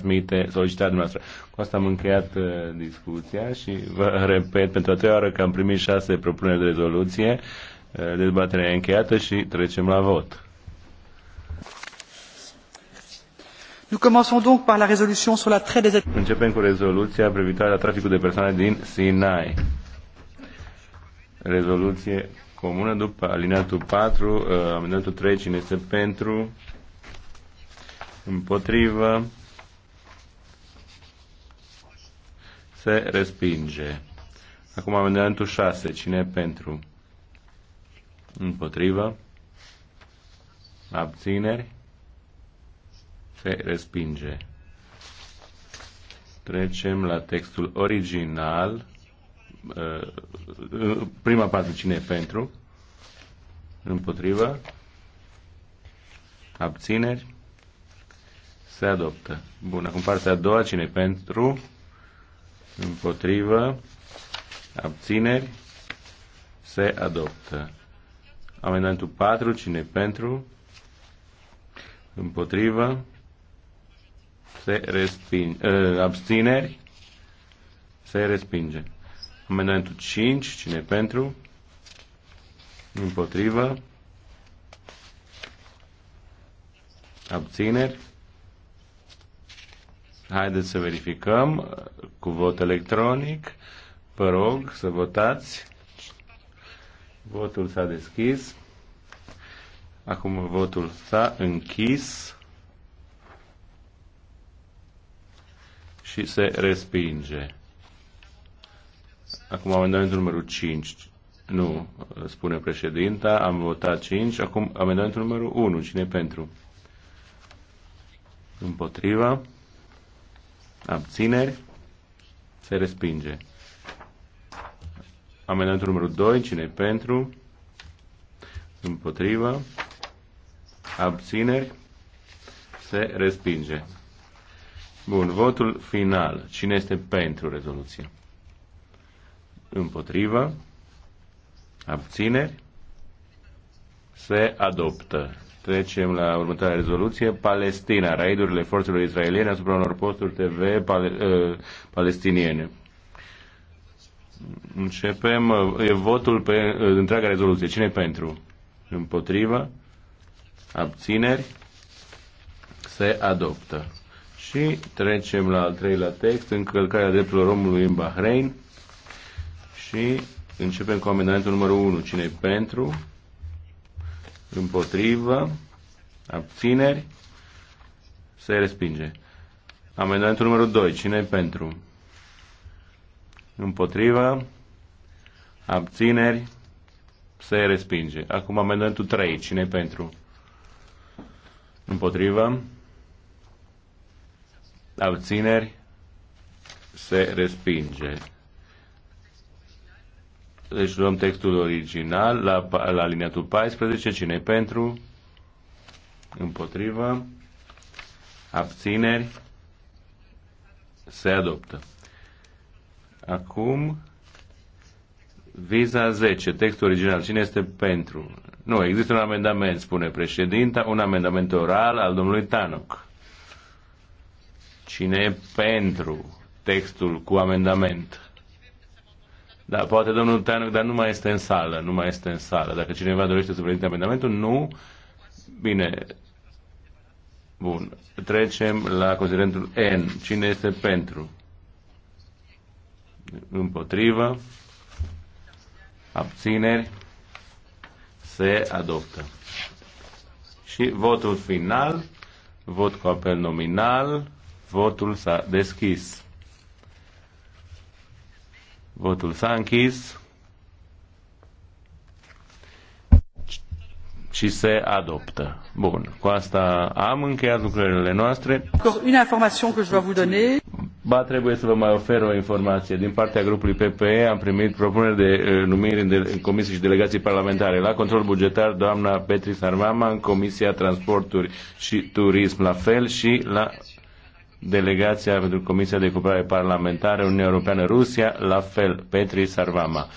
transmite solicitarea noastră. Cu asta am încheiat uh, discuția și vă repet pentru a treia oară că am primit șase propuneri de rezoluție. Uh, dezbaterea e încheiată și trecem la vot. Nous commençons donc par la résolution sur la traite des Începem cu rezoluția privitoare la traficul de persoane din Sinai. Rezoluție comună după alineatul 4, uh, amendamentul 3, cine este pentru, împotrivă, se respinge. Acum amendamentul 6. Cine e pentru? Împotrivă. Abțineri. Se respinge. Trecem la textul original. Uh, uh, prima parte, cine e pentru? Împotrivă. Abțineri. Se adoptă. Bun, acum partea a doua, cine e pentru? împotrivă, abțineri, se adoptă. Amendamentul 4, cine pentru, împotrivă, se respinge, ă, abțineri, se respinge. Amendamentul 5, cine pentru, împotrivă, abțineri, Haideți să verificăm uh, cu vot electronic. Vă rog să votați. Votul s-a deschis. Acum votul s-a închis. Și se respinge. Acum amendamentul numărul 5. Nu, uh, spune președinta, am votat 5. Acum amendamentul numărul 1. Cine pentru? Împotriva abțineri, se respinge. Amendamentul numărul 2, cine pentru, împotrivă, abțineri, se respinge. Bun, votul final. Cine este pentru rezoluție? Împotrivă, abțineri, se adoptă. Trecem la următoarea rezoluție. Palestina, raidurile forțelor israeliene asupra unor posturi TV pal- uh, palestiniene. Începem uh, votul pe uh, întreaga rezoluție. Cine pentru? Împotrivă? Abțineri? Se adoptă. Și trecem la al treilea text, încălcarea drepturilor omului în Bahrain. Și începem cu amendamentul numărul 1. Cine pentru? împotrivă, abțineri, se respinge. Amendamentul numărul 2, cine e pentru? Împotrivă, abțineri, se respinge. Acum amendamentul 3, cine e pentru? Împotrivă, abțineri, se respinge. Deci luăm textul original la, la liniatul 14. cine pentru? Împotrivă. Abțineri. Se adoptă. Acum, viza 10, textul original. Cine este pentru? Nu, există un amendament, spune președinta, un amendament oral al domnului Tanoc. Cine e pentru textul cu amendament? Da, poate domnul Teanu, dar nu mai este în sală, nu mai este în sală. Dacă cineva dorește să prezinte amendamentul, nu. Bine. Bun. Trecem la considerentul N. Cine este pentru? Împotrivă. Abțineri. Se adoptă. Și votul final, vot cu apel nominal, votul s-a deschis. Votul s-a închis. și se adoptă. Bun, cu asta am încheiat lucrările noastre. Ba, trebuie să vă mai ofer o informație. Din partea grupului PPE am primit propuneri de numire eh, numiri în, de, în comisii și delegații parlamentare. La control bugetar, doamna Petri Sarmama, în Comisia Transporturi și Turism, la fel și la delegația pentru Comisia de Cooperare Parlamentară Uniunea Europeană-Rusia, la fel, Petri Sarvama.